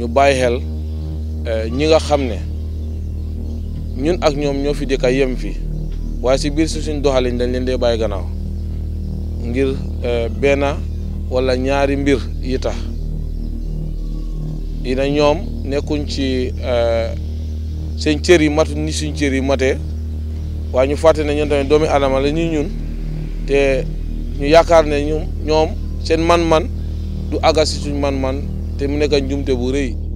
ñu bàyyi xel euh, ñi nga xam ne ñun ak ñoom ñoo fi dëkk yem fi waaye si biir si suñ doxalin dañ leen dee bàyyi gannaaw ngir euh, benn wala ñaari mbir yi tax dina ñoom nekkuñ ci euh, seen cër yi mat ni suñ cër yi matee waaye ñu fàtte ne ñun tamit doomi adama la ñuy ñun te ñu yaakaar ne ñoom seen man-man du aga si suñ man-man te mu nekk njumte bu rëy